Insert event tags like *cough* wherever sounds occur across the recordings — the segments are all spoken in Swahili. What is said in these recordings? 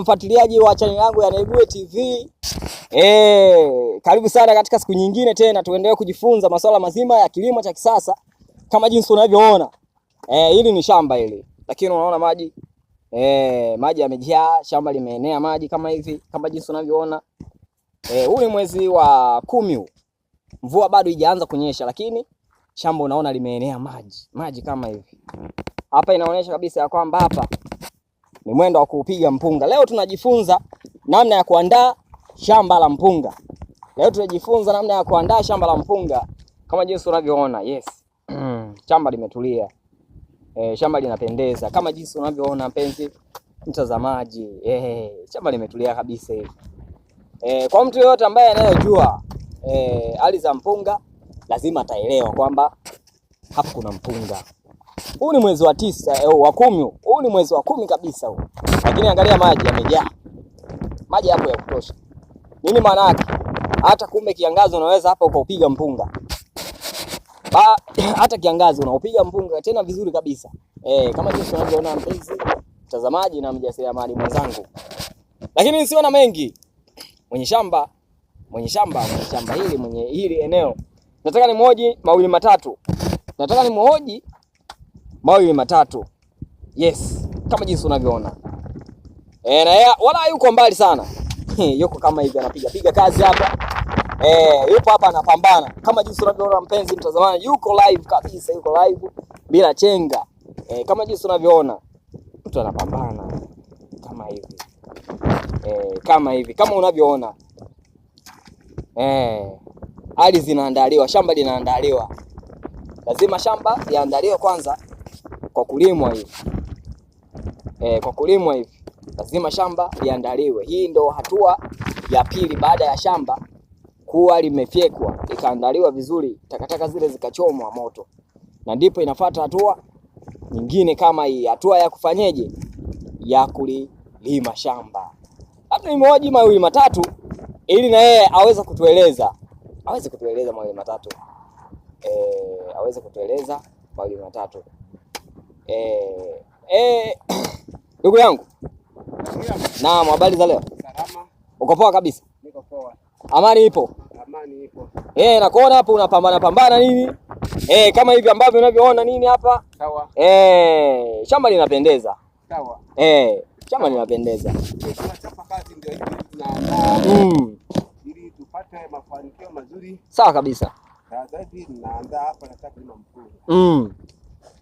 mfuatiliaji wa chaneli yangu ya Nebuye TV. E, eh, karibu sana katika siku nyingine tena tuendelee kujifunza masuala mazima ya kilimo cha kisasa kama jinsi unavyoona. Eh, hili ni shamba hili. Lakini unaona maji. E, maji yamejaa, shamba limeenea maji kama hivi, kama jinsi unavyoona. Eh, huu ni mwezi wa kumi huu. Mvua bado haijaanza kunyesha lakini shamba unaona limeenea maji. Maji kama hivi. Hapa inaonyesha kabisa ya kwamba hapa ni mwendo wa kuupiga mpunga. Leo tunajifunza namna ya kuandaa shamba la mpunga. Leo tunajifunza namna ya kuandaa shamba la mpunga kama jinsi unavyoona. Yes. *clears throat* Shamba limetulia. E, shamba linapendeza kama jinsi unavyoona mpenzi mtazamaji. E, shamba limetulia kabisa hivi. E, kwa mtu yoyote ambaye anayojua e, hali za mpunga lazima ataelewa kwamba hapo kuna mpunga. Huu ni mwezi wa tisa eh, wa kumi. Huu ni mwezi wa kumi kabisa huu, lakini angalia maji yamejaa, maji hapo ya kutosha. Nini maana yake? Hata kumbe kiangazi unaweza hapa ukaupiga mpunga ba, *clears throat* hata kiangazi unaupiga mpunga tena vizuri kabisa eh, kama jinsi unavyoona mpenzi mtazamaji na mjasiriamali mwenzangu, lakini nisiwe na mengi. Mwenye shamba mwenye shamba mwenye shamba hili mwenye hili eneo, nataka nimhoji mawili matatu, nataka nimhoji mawe matatu. Yes, kama jinsi unavyoona e, na ya, wala yuko mbali sana *laughs* yuko kama hivi anapiga piga kazi hapa e, yupo hapa anapambana kama jinsi unavyoona mpenzi mtazamaji, yuko live kabisa, yuko live bila chenga e, kama jinsi unavyoona mtu anapambana kama hivi e, kama hivi kama unavyoona e, zinaandaliwa, shamba linaandaliwa, lazima shamba liandaliwe kwanza kwa kulimwa hivi e, kwa kulimwa hivi lazima shamba liandaliwe. Hii ndo hatua ya pili baada ya shamba kuwa limefyekwa ikaandaliwa vizuri, takataka zile zikachomwa moto, na ndipo inafuata hatua nyingine kama hii, hatua ya kufanyeje, ya kulilima shamba. Labda nimewaji mawili matatu, ili na yeye aweze kutueleza aweze kutueleza mawili matatu e, aweze kutueleza mawili matatu. Eh, eh, *coughs* ndugu yangu. Naam, habari za leo? Salama. Uko poa kabisa? Niko poa. Amani ipo? Amani ipo. Eh, nakuona hapo unapambana pambana nini? Eh, kama hivi ambavyo unavyoona nini hapa? Sawa. Eh, shamba linapendeza. Sawa. Eh, shamba linapendeza. Tunachapa kazi ndio hivi tunaandaa. Mm. Ili tupate mafanikio mazuri. Sawa kabisa. Na zaidi tunaandaa hapa nataka kulima mpunga. Mm.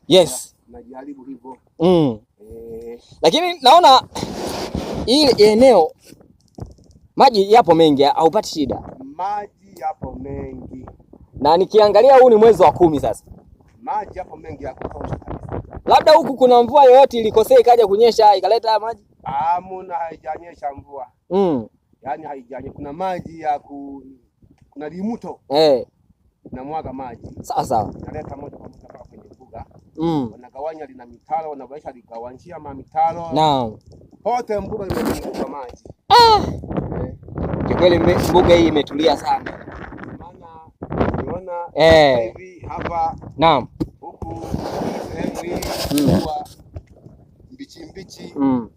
Yes. Yeah kujaribu hivyo mm. E... Lakini naona ile eneo maji yapo mengi, haupati shida? Maji yapo mengi, na nikiangalia huu ni mwezi wa kumi sasa, maji yapo mengi ya kutosha kabisa. Labda huku kuna mvua yoyote ilikosea ikaja kunyesha ikaleta haya maji? Hamuna, haijanyesha mvua mm. Yaani haijanye kuna maji ya ku... kuna limuto hey. Eh. Namwaga maji sawa sawa, naleta moja kwa moja kwenye mboga mm. wanagawanya lina mitaro, wanaboresha ma mamitaro naam, pote mbuga imezunguka maji ah. Eh. Kikweli mbuga hii imetulia sana maana eh. hivi hapa naam, huku sehemu hii mm. mbichi mbichi mm.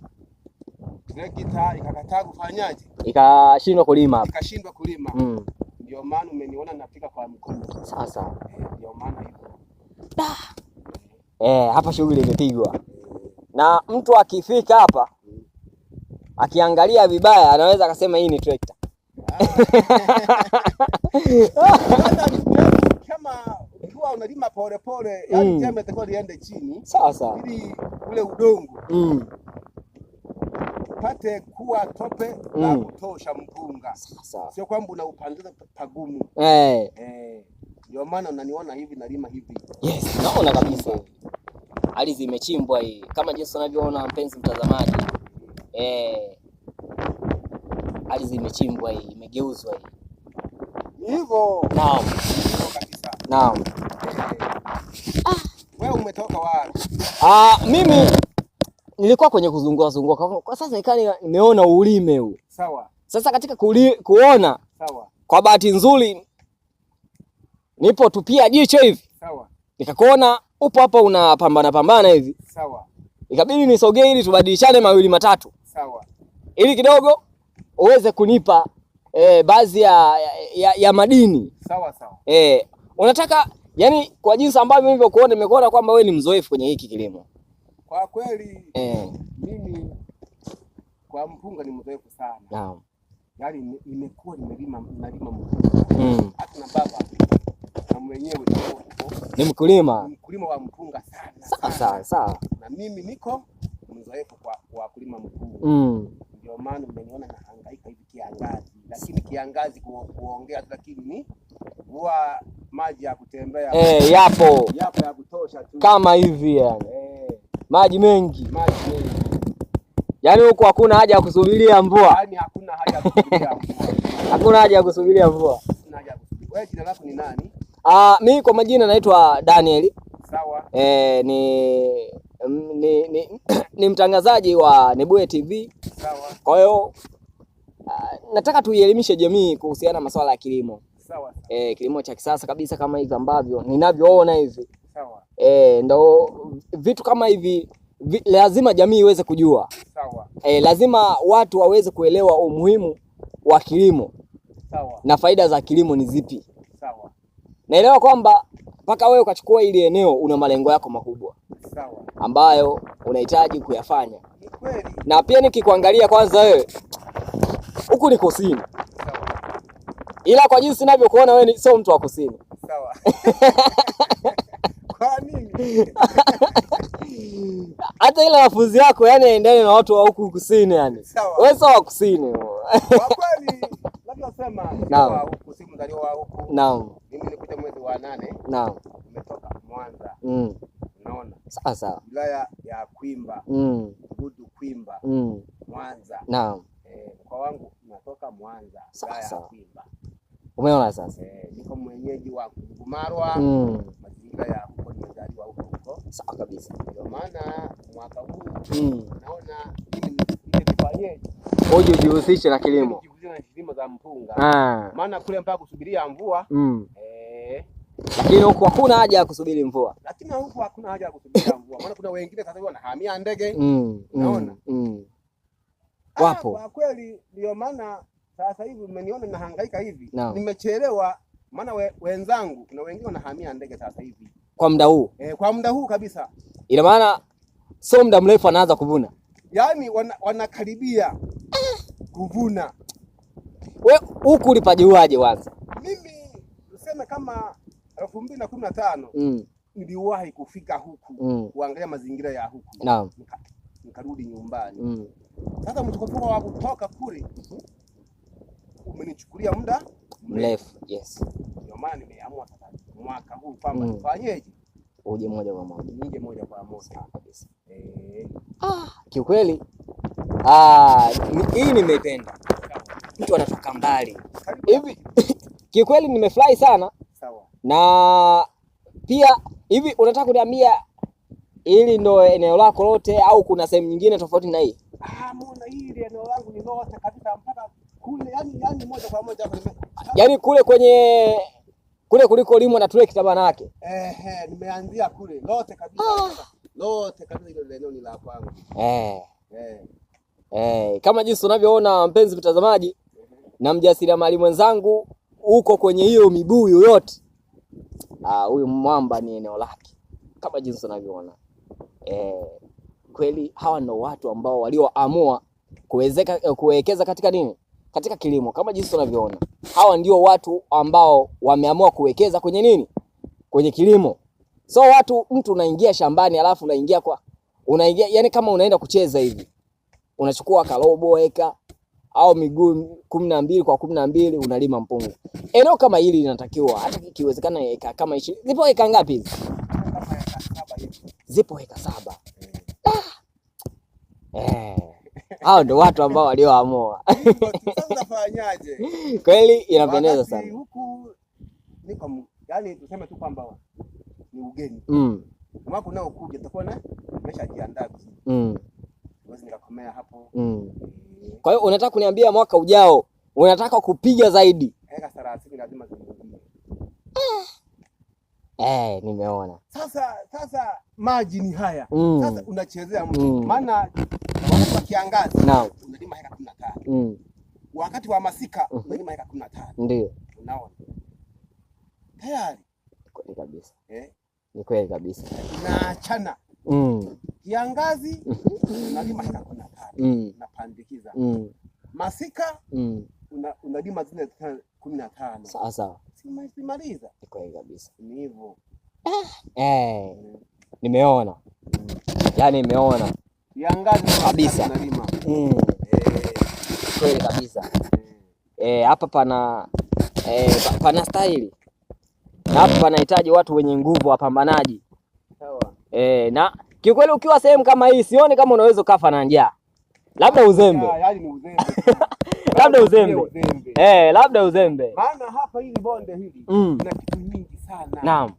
trekta ikakataa kufanyaje, ikashindwa kulima, ikashindwa kulima mm. Ndio maana umeniona napika kwa mkono sasa, eh, ndio maana hivyo eh, hapa shughuli imepigwa, na mtu akifika hapa akiangalia vibaya anaweza akasema hii ni trekta. Kama ukiwa unalima polepole, yani mm. jembe itakuwa liende chini sawa sawa, ili ule udongo mm. pate kuwa tope mm. na kutosha mpunga, sio kwamba unaupandiza pagumu eh. Eh. Ndio maana unaniona hivi nalima hivi. Yes, naona kabisa. Hali zimechimbwa hii kama jinsi unavyoona mpenzi mtazamaji. Eh. Hali zimechimbwa hii, imegeuzwa hii. Hivyo. Naam. Naam. Ah, wewe umetoka wapi? Ah, mimi nilikuwa kwenye kuzungua zungua. kwa, Kwa sasa ikani nimeona ulime huu. Sawa. Sasa katika kuli, kuona. Sawa. Kwa bahati nzuri nipo tupia jicho hivi sawa, nikakuona upo hapa unapambana pambana hivi sawa, ikabidi nisogee ili tubadilishane mawili matatu sawa, ili kidogo uweze kunipa e, baadhi ya, ya, ya madini sawa sawa. E, unataka yani, kwa jinsi ambavyo hivyo kuona nimekuona kwamba wewe ni mzoefu kwenye hiki kilimo kwa kweli. E, mimi kwa mpunga ni mzoefu sana naam. Yani imekuwa nimelima nalima mpunga mm. hata na baba na mwenyewe ni mkulima, mkulima wa mpunga sana sawa sawa, na mimi niko mzoefu kwa kwa kulima mpunga mm. Ndio maana mmeniona nahangaika hivi kiangazi, lakini kiangazi ku, kuongea lakini ni huwa maji ya kutembea eh, yapo yapo ya kutosha tu kama hivi yani eh, maji mengi maji mengi yaani huko hakuna haja ya kusubiria mvua, yaani *laughs* hakuna haja ya kusubiria mvua hakuna haja ya kusubiria mvua. Wewe Jina lako ni nani? Ah, mi kwa majina naitwa Daniel. Sawa. E, ni, ni, ni, *clears throat* ni mtangazaji wa Nebuye TV. Sawa. Kwa hiyo uh, nataka tuielimishe jamii kuhusiana na masuala ya kilimo. Sawa. E, kilimo cha kisasa kabisa kama hivi ambavyo ninavyoona hivi. Sawa. E, ndo vitu kama hivi vi, lazima jamii iweze kujua. Sawa. E, lazima watu waweze kuelewa umuhimu wa kilimo. Sawa. Na faida za kilimo ni zipi? Naelewa kwamba mpaka wewe ukachukua ili eneo una malengo yako makubwa sawa, ambayo unahitaji kuyafanya. Ni kweli. Na pia nikikuangalia kwanza, wewe huku ni kusini, ila kwa jinsi ninavyokuona wewe sio mtu wa kusini. Sawa. *laughs* *laughs* Hata ile mafunzi yako yani aendane na watu wa huku kusini yani. Wewe sio wa kusini. Kwa kweli, labda sema wa huku si mzaliwa wa huku. Naam wa nane. Naam. Umetoka Mwanza. Mm. Unaona? Sawa sawa. Wilaya ya Kwimba. Mm. Budu Kwimba. Mm. Mwanza. Naam. Eh, mkoa wangu unatoka Mwanza. Sawa sawa. Kwimba. Umeona sasa? Eh, niko mwenyeji wa Kugumarwa. Mm. Mazingira ya huko nimezaliwa huko huko. Sawa kabisa. Ndio maana mwaka huu mm. naona Hoje ujihusishe na kilimo. kilimo za mpunga. Ah. Maana kule mpaka kusubiria mvua. Mm. Eh, lakini huku hakuna haja ya kusubiri mvua. Lakini huku hakuna haja ya kusubiri mvua. Maana kuna wengine sasa wanahamia ndege. Mm, naona. Mm. mm. Ah, Wapo. Kwa kweli ndio maana sasa hivi umeniona nahangaika hivi. No. Nimechelewa maana we, wenzangu kuna wengine wanahamia ndege sasa hivi. Kwa muda huu. Eh, kwa muda huu kabisa. Ina maana sio muda mrefu anaanza kuvuna. Yaani wanakaribia wana kuvuna. We huku ulipajuaje wanza Mimi tuseme kama elfu mbili na kumi na tano mm. niliwahi kufika huku mm. kuangalia mazingira ya huku naam, nikarudi nyumbani mm. Sasa mtukofuko wa kutoka kule umenichukulia muda mrefu, yes. Ndio maana nimeamua sasa mwaka huu kwamba mm. uje moja kwa moja, nije moja kwa moja kabisa. Eh, ah, kiukweli ah, hii nimependa mtu anatoka mbali hivi *laughs* kiukweli, nimefurahi sana na pia hivi unataka kuniambia hili ndo eneo lako lote au kuna sehemu nyingine tofauti na hii? Ah, kule, yani yaani kwenye yaani kule kwenye kule kuliko limo na tule kitabana yake. Eh, eh, nimeanzia kule lote kabisa. Ah. Lote kabisa hilo eneo ni la kwangu. Eh. Eh. Eh, kama jinsi unavyoona mpenzi mtazamaji na mjasiriamali mwenzangu uko kwenye hiyo mibuyu yote Ah, huyu uh, mwamba ni eneo lake kama jinsi unavyoona eh, kweli hawa ndo watu ambao walioamua kuwezeka eh, kuwekeza katika nini katika kilimo kama jinsi unavyoona hawa ndio watu ambao wameamua kuwekeza kwenye nini kwenye kilimo so watu mtu unaingia shambani alafu unaingia kwa unaingia yani kama unaenda kucheza hivi unachukua karobo weka au miguu kumi na mbili kwa kumi na mbili unalima mpunga. Eneo kama hili linatakiwa hata ikiwezekana eka kama ishirini. Zipo eka ngapi hizi? Zipo eka saba. Ah! Eh, hao ndo watu ambao walioamua. *laughs* Kweli inapendeza sana tuseme tu kwamba ni ugeni mm. mwaka unaokuja tutakuwa na vizuri mm. hapo mm. Kwa hiyo unataka kuniambia mwaka ujao unataka kupiga zaidi? Ah. Eh, nimeona sasa. Sasa maji ni haya mm. Sasa unachezea mtu mm. maana mm. wakati wa kiangazi no. unalima heka 15. mm. wakati wa masika mm -hmm. unalima heka 15. ndio unaona tayari kweli kabisa eh? ni kweli kabisa Na chana. mm. kiangazi mm-hmm. unalima heka 15. Mm. na mm. masika mm. unalima una zile kumi na tano ah, sawa simaliza. Ni kweli kabisa, ni hivyo eh. Eh. Nimeona mm. yaani nimeona yangazi kabisa mm. eh. kweli kabisa eh, hapa eh, pana eh, pana staili na hapa panahitaji watu wenye nguvu, wapambanaji eh, na kiukweli, ukiwa sehemu kama hii sioni kama unaweza ukafa na njaa labda uzembe, *laughs* labda uzembe, eh, labda uzembe. Maana hapa hili bonde hili mm. na kitu nyingi sana. Naam,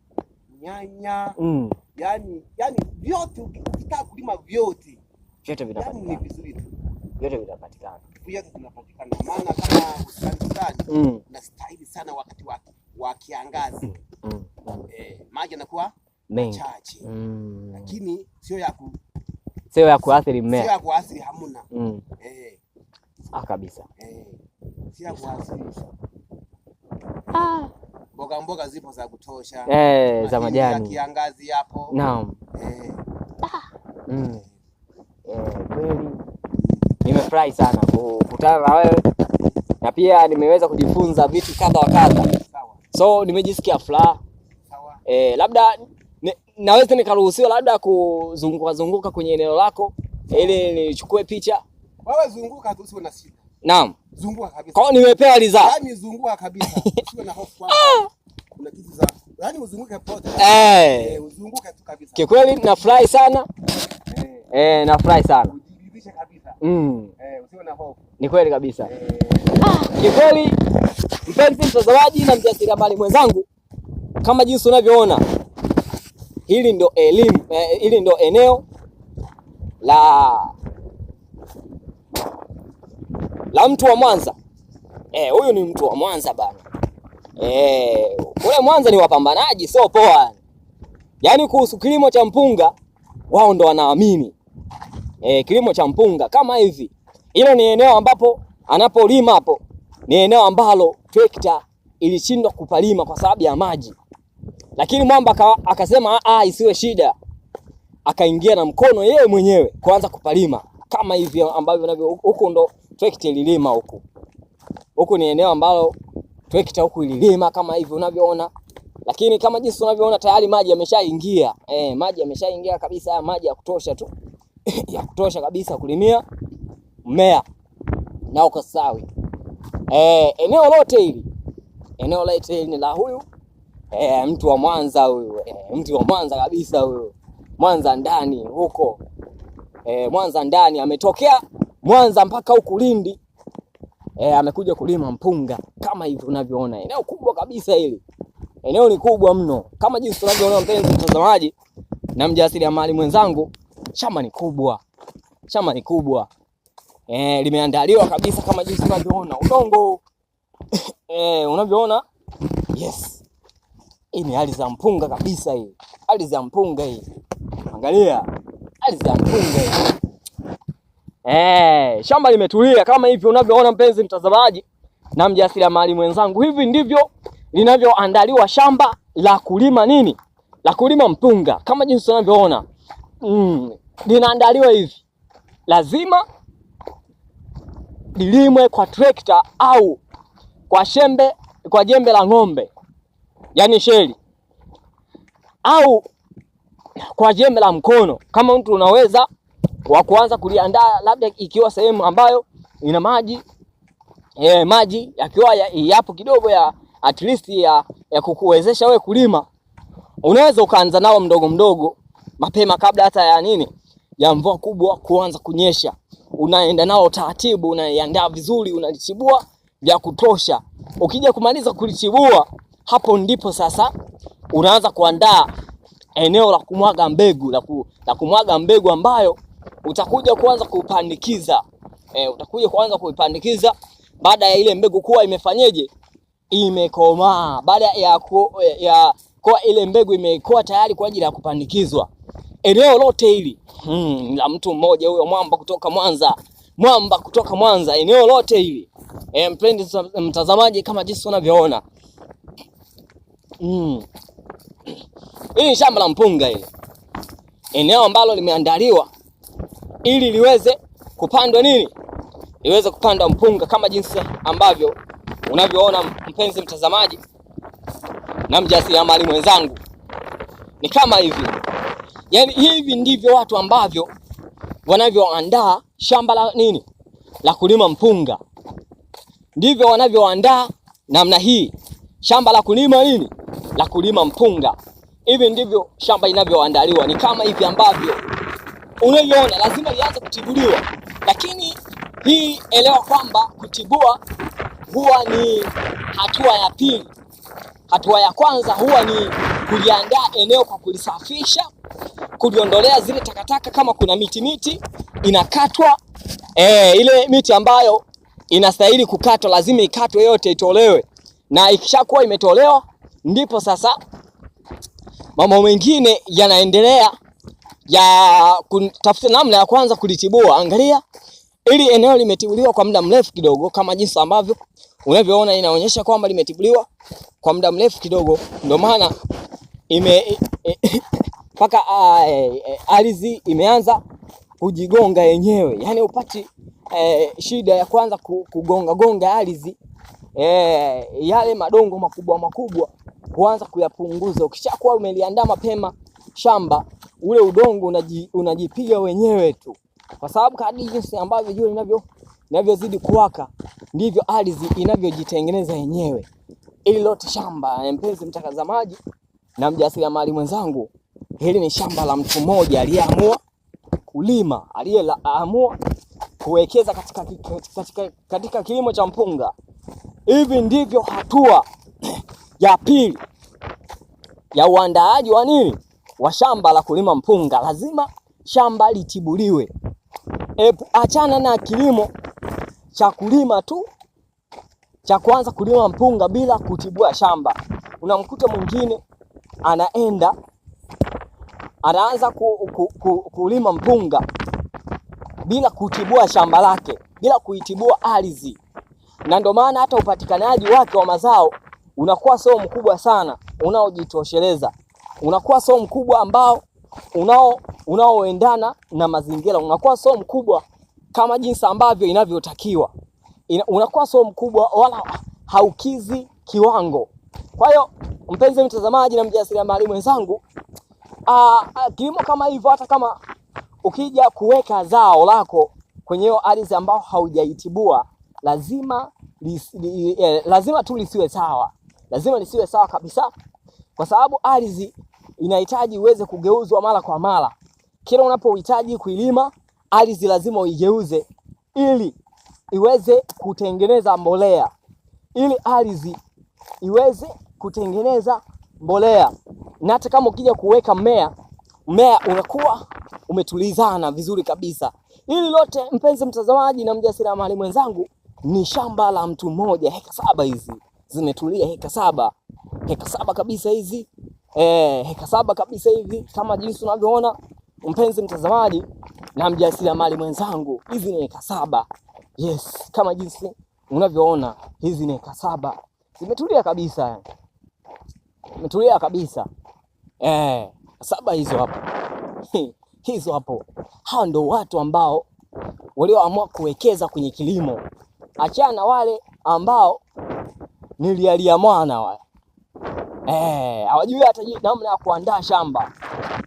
nyanya mm. Yani, yani vyote ukitaka kulima vyote vyote vinapatikana, ni vizuri tu, vyote vinapatikana, vyote vinapatikana. Maana kama ustani mm. unastahili sana wakati wa kiangazi mm. Eh, maji yanakuwa Mm. lakini sio ya sio ya kuathiri mmea, sio ya kuathiri hamna. Mm. Eh. Ah, kabisa. Eh. Sio ya kuathiri. Ah. Mboga mboga zipo za kutosha. Eh, za majani. ya Kiangazi hapo. Naam. Eh. Ah. Mm. Eh, kweli. Nimefurahi sana kukutana na wewe na pia nimeweza kujifunza vitu kadha wa kadha. So nimejisikia furaha. Sawa. Eh, labda naweza nikaruhusiwa labda kuzunguka zunguka kwenye eneo lako ili nichukue picha? Wewe zunguka tu, usiwe na shida. Naam, zunguka kabisa. Kwao nimepewa ridhaa. Yaani zunguka kabisa, *laughs* usiwe na hofu kwa. kuna kitu za yaani uzunguke pote. Eh, eh, uzunguke tu kabisa. Kikweli nafurahi sana eh, eh nafurahi sana ujiridhishe kabisa mm. Eh, usiwe na hofu, ni kweli kabisa eh. Ah, kikweli mpenzi mtazamaji na mjasiriamali mwenzangu, kama jinsi unavyoona Hili ndo elimu eh, hili ndo eneo la la mtu wa Mwanza eh, huyu, ni mtu wa Mwanza bana eh, kule Mwanza ni wapambanaji, sio poa. Yaani kuhusu kilimo cha mpunga wao ndo wanaamini eh, kilimo cha mpunga kama hivi. Hilo ni eneo ambapo anapolima hapo ni eneo ambalo trekta ilishindwa kupalima kwa sababu ya maji. Lakini mwamba akasema ah, ah, isiwe shida, akaingia na mkono yeye mwenyewe kuanza kupalima kama hivi ambavyo navyo. Huku ndo trekta ililima huku, huku ni eneo ambalo trekta huku ililima kama hivi unavyoona, lakini kama jinsi unavyoona tayari maji yameshaingia, eh, maji yameshaingia kabisa, haya maji ya kutosha tu *coughs* ya kutosha kabisa kulimia mmea na uko sawi. Eh, eneo lote hili eneo lote hili ni la huyu eh, mtu wa Mwanza huyu eh, mtu wa Mwanza kabisa huyu, Mwanza ndani huko eh, Mwanza ndani ametokea Mwanza mpaka huku Lindi eh, amekuja kulima mpunga kama hivi unavyoona, eneo kubwa kabisa hili, eneo ni kubwa mno kama jinsi tunavyoona, mpenzi mtazamaji na mjasiriamali mwenzangu, shamba ni kubwa, shamba ni kubwa eh, limeandaliwa kabisa kama jinsi unavyoona udongo *coughs* eh, unavyoona yes hii ni hali za mpunga kabisa hii. Hali za mpunga hii. Angalia. Hali za mpunga hii. Eh, shamba limetulia kama hivi unavyoona mpenzi mtazamaji na mjasiriamali mwenzangu. Hivi ndivyo linavyoandaliwa shamba la kulima nini? La kulima mpunga kama jinsi unavyoona. Mm, linaandaliwa hivi. Lazima lilimwe kwa trekta au kwa shembe, kwa jembe la ng'ombe yani sheli au kwa jembe la mkono, kama mtu unaweza wa kuanza kuliandaa, labda ikiwa sehemu ambayo ina maji e, maji yakiwa yapo kidogo ya at least ya, ya kukuwezesha we kulima, unaweza ukaanza nao mdogo mdogo mapema kabla hata ya nini ya mvua kubwa kuanza kunyesha. Unaenda nao taratibu, unaiandaa vizuri, unalichibua vya kutosha. Ukija kumaliza kulichibua hapo ndipo sasa unaanza kuandaa eneo la kumwaga mbegu la, ku, la kumwaga mbegu ambayo utakuja kuanza kupandikiza e, utakuja kuanza kuipandikiza baada ya ile mbegu kuwa imefanyeje, imekomaa. Baada ya, ku, ya kuwa ile mbegu imekuwa tayari kwa ajili ya kupandikizwa, eneo lote hili hmm, la mtu mmoja huyo, mwamba kutoka Mwanza, mwamba kutoka Mwanza, eneo lote hili e, eh, mpendwa mtazamaji, kama jinsi unavyoona Mm. ni shamba la mpunga hili, eneo ambalo limeandaliwa ili liweze kupandwa nini, liweze kupandwa mpunga kama jinsi ambavyo unavyoona mpenzi mtazamaji na mjasiriamali mwenzangu, ni kama hivi. Yaani hivi ndivyo watu ambavyo wanavyoandaa shamba la nini, la kulima mpunga, ndivyo wanavyoandaa namna hii shamba la kulima nini la kulima mpunga. Hivi ndivyo shamba inavyoandaliwa, ni kama hivi ambavyo unaiona, lazima ianze kutibuliwa. Lakini hii elewa kwamba kutibua huwa ni hatua ya pili. Hatua ya kwanza huwa ni kuliandaa eneo kwa kulisafisha, kuliondolea zile takataka, kama kuna miti miti inakatwa e, ile miti ambayo inastahili kukatwa lazima ikatwe yote, itolewe na ikishakuwa imetolewa ndipo sasa mambo mengine yanaendelea ya kutafuta namna ya kwanza kulitibua. Angalia, ili eneo limetibuliwa kwa muda mrefu kidogo, kama jinsi ambavyo unavyoona inaonyesha kwamba limetibuliwa kwa muda mrefu kidogo, ndio maana ime mpaka e, e, e, ardhi imeanza kujigonga yenyewe, yani upati e, shida ya kwanza kugonga gonga ardhi e, yale madongo makubwa makubwa kuanza kuyapunguza. Ukishakuwa umeliandaa mapema shamba, ule udongo unajipiga unaji, wenyewe tu, kwa sababu kadri jinsi ambavyo jua linavyo inavyozidi kuwaka ndivyo ardhi inavyojitengeneza yenyewe. Ili lote shamba, mpenzi mtazamaji na mjasiriamali mwenzangu, hili ni shamba la mtu mmoja aliyeamua kulima, aliyeamua kuwekeza katika, katika, katika, katika kilimo cha mpunga. Hivi ndivyo hatua ya pili ya uandaaji wa nini, wa shamba la kulima mpunga. Lazima shamba litibuliwe. Ebu achana na kilimo cha kulima tu cha kuanza kulima mpunga bila kutibua shamba. Unamkuta mwingine anaenda anaanza ku, ku, ku, kulima mpunga bila kutibua shamba lake, bila kuitibua ardhi na ndio maana hata upatikanaji wake wa mazao unakuwa sio mkubwa sana unaojitosheleza, unakuwa sio mkubwa ambao unao unaoendana na mazingira, unakuwa sio mkubwa kama jinsi ambavyo inavyotakiwa, Ina, unakuwa sio mkubwa wala haukizi kiwango. Kwa hiyo mpenzi mtazamaji na mjasiriamali mwenzangu, kilimo kama hivyo, hata kama ukija kuweka zao lako kwenye hiyo ardhi ambayo haujaitibua lazima li, eh, lazima tu lisiwe sawa, lazima lisiwe sawa kabisa, kwa sababu ardhi inahitaji uweze kugeuzwa mara kwa mara. Kila unapohitaji kuilima ardhi lazima uigeuze ili iweze kutengeneza mbolea, ili ardhi iweze kutengeneza mbolea. Na hata kama ukija kuweka mmea, mmea unakuwa umetulizana vizuri kabisa. Hili lote mpenzi mtazamaji na mjasiriamali mwenzangu ni shamba la mtu mmoja, heka saba hizi zimetulia, heka saba heka saba kabisa hizi eh, heka saba kabisa hivi, kama jinsi unavyoona mpenzi mtazamaji na mjasiriamali mwenzangu, hizi ni heka saba. Yes, kama jinsi unavyoona hizi ni heka saba zimetulia kabisa, zimetulia kabisa eh, saba hizo hapo *laughs* hizo hapo. Hao ndio watu ambao walioamua kuwekeza kwenye kilimo achana wale ambao nilialia mwana wale eh, hawajui hata namna ya kuandaa shamba,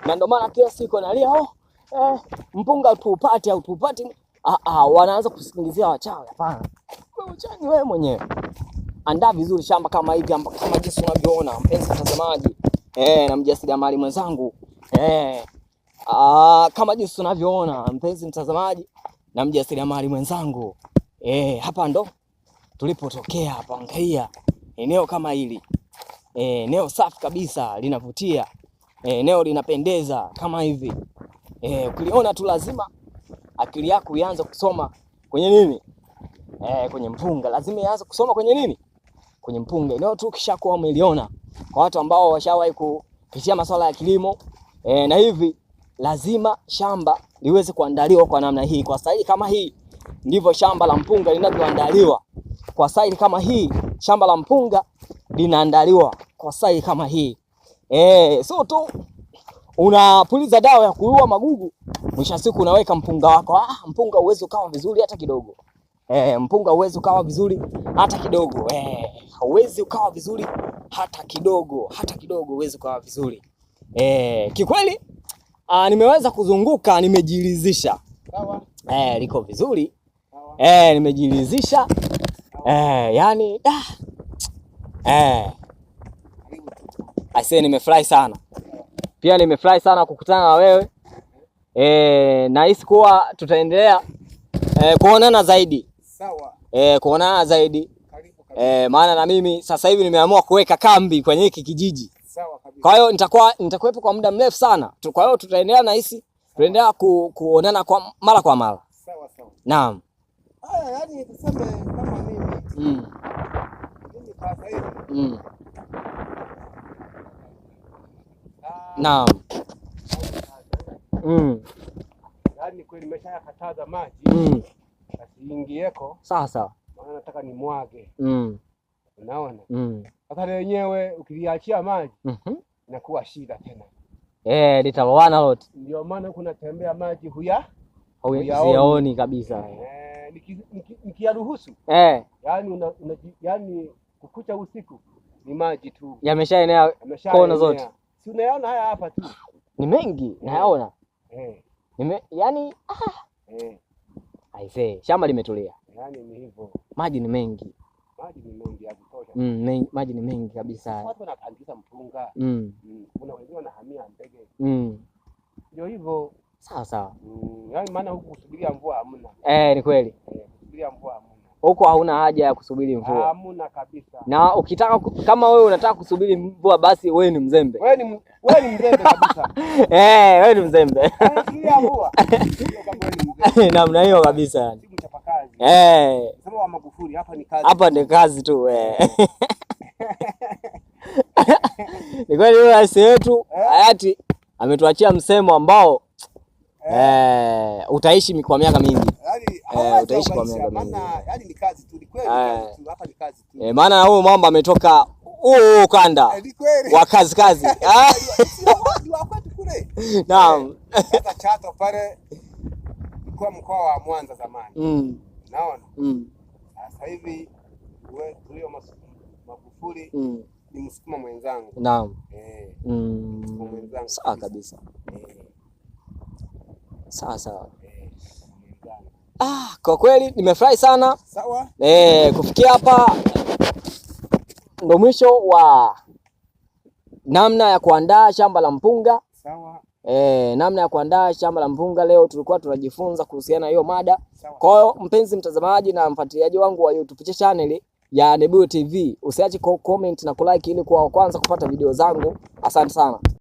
na ndio maana kila siku nalia oh, eh, mpunga tupate au tupate. Ah, ah, wanaanza kusingizia wachawi. Hapana, wewe uchani wewe mwenyewe andaa vizuri shamba kama hivi kama jinsi unavyoona mpenzi mtazamaji eh, na mjasiriamali mwenzangu eh, ah, kama jinsi unavyoona mpenzi mtazamaji na mjasiriamali mwenzangu E, hapa ndo tulipotokea hapa. Angalia eneo kama hili e, eneo safi kabisa linavutia e, eneo linapendeza kama hivi e, ukiliona tu lazima akili yako ianze kusoma kwenye nini e, kwenye mpunga, lazima ianze kusoma kwenye nini, kwenye mpunga. Eneo tu kisha kwa umeliona, kwa watu ambao washawahi kupitia masuala ya kilimo e, na hivi lazima shamba liweze kuandaliwa kwa namna hii, kwa staili kama hii ndivyo shamba la mpunga linavyoandaliwa kwa saizi kama hii. Shamba la mpunga linaandaliwa kwa saizi kama hii eh, so tu unapuliza dawa ya kuua magugu, mwisho siku unaweka mpunga wako. Ah, mpunga uwezo kawa vizuri hata kidogo eh, mpunga uweze ukawa vizuri hata kidogo eh, hauwezi ukawa vizuri hata kidogo, hata kidogo uweze ukawa vizuri eh. Kikweli ah, nimeweza kuzunguka, nimejiridhisha eh, liko vizuri eh, nimejilizisha eh, yani eh, aisee, nimefurahi sana pia, nimefurahi sana kukutana na wewe eh, nahisi kuwa tutaendelea eh, kuonana zaidi sawa, eh, kuonana zaidi eh, maana na mimi sasa hivi nimeamua kuweka kambi kwenye hiki kijiji. Kwa hiyo nitakuwa nitakuwepo kwa muda mrefu sana. Kwa hiyo tutaendelea nahisi, tutaendelea ku, kuonana kwa mara kwa mara. Sawa sawa. Naam. Haya, yani tuseme kama mimi mm. mimi kwa sasa hivi mm. Ah. naam mm. yani kweli nimeshayakataza maji mm. asiingieko sasa, maana nataka nimwage mm. unaona mm. sasa mm. lenyewe ukiliachia maji mm -hmm. inakuwa shida tena eh, litalowana lote, ndio maana kunatembea maji huya huyaoni kabisa eh nikiyaruhusu niki, eh. Yani, una, una, yani kukucha usiku ni maji tu yameshaenea kona zote, si unayaona haya hapa tu ni mengi eh. Nayaona eh. eh. Nime, yani ah. eh. Aisee, shamba limetulia yani, ni hivyo, maji ni mengi maji ni mengi ya kutosha. Mm, mengi, maji ni mengi kabisa. Watu wanapandisha mpunga. Mm. Mm. Kuna wengine wanahamia ndege. Mm. Ndio hivyo. Sawa sawa. Mm, yaani maana huku kusubiria mvua hamna. Eh, ni kweli kusubiria mvua huko hauna haja ya kusubiri mvua. Hamuna kabisa. Na ukitaka kama wewe unataka kusubiri mvua basi wewe ni mzembe. Wewe ni wewe ni mzembe kabisa. *laughs* Eh, wewe ni mzembe. *laughs* Namna hiyo kabisa yani. Eh. Sema wa Magufuli hapa ni kazi. Hapa ni kazi tu eh. *laughs* Ni kweli yule rais wetu eh? hayati ametuachia msemo ambao eh? eh, utaishi kwa miaka mingi. Eh. Eh, utaishi kwa miaka mingi. maana eh, huyu mamba ametoka huo ukanda eh, wa kazi kazi. *laughs* Ah. Naam. Hata Chato pale mkoa wa Mwanza zamani. Mm. Naona. Mm. Sasa hivi wewe tulio Magufuli mm. ni msukuma mwenzangu. Naam. Eh. Mm. Sawa kabisa. Eh. Sawa sawa. Ah, kwa kweli nimefurahi sana. Sawa. Eh, kufikia hapa ndo mwisho wa namna ya kuandaa shamba la mpunga. Sawa. E, namna ya kuandaa shamba la mpunga leo tulikuwa tunajifunza kuhusiana na hiyo mada. Kwa hiyo mpenzi mtazamaji na mfuatiliaji wangu wa YouTube channel ya Nebuye TV, usiache ku comment na kulike ili kuwa wa kwanza kupata video zangu. Asante sana.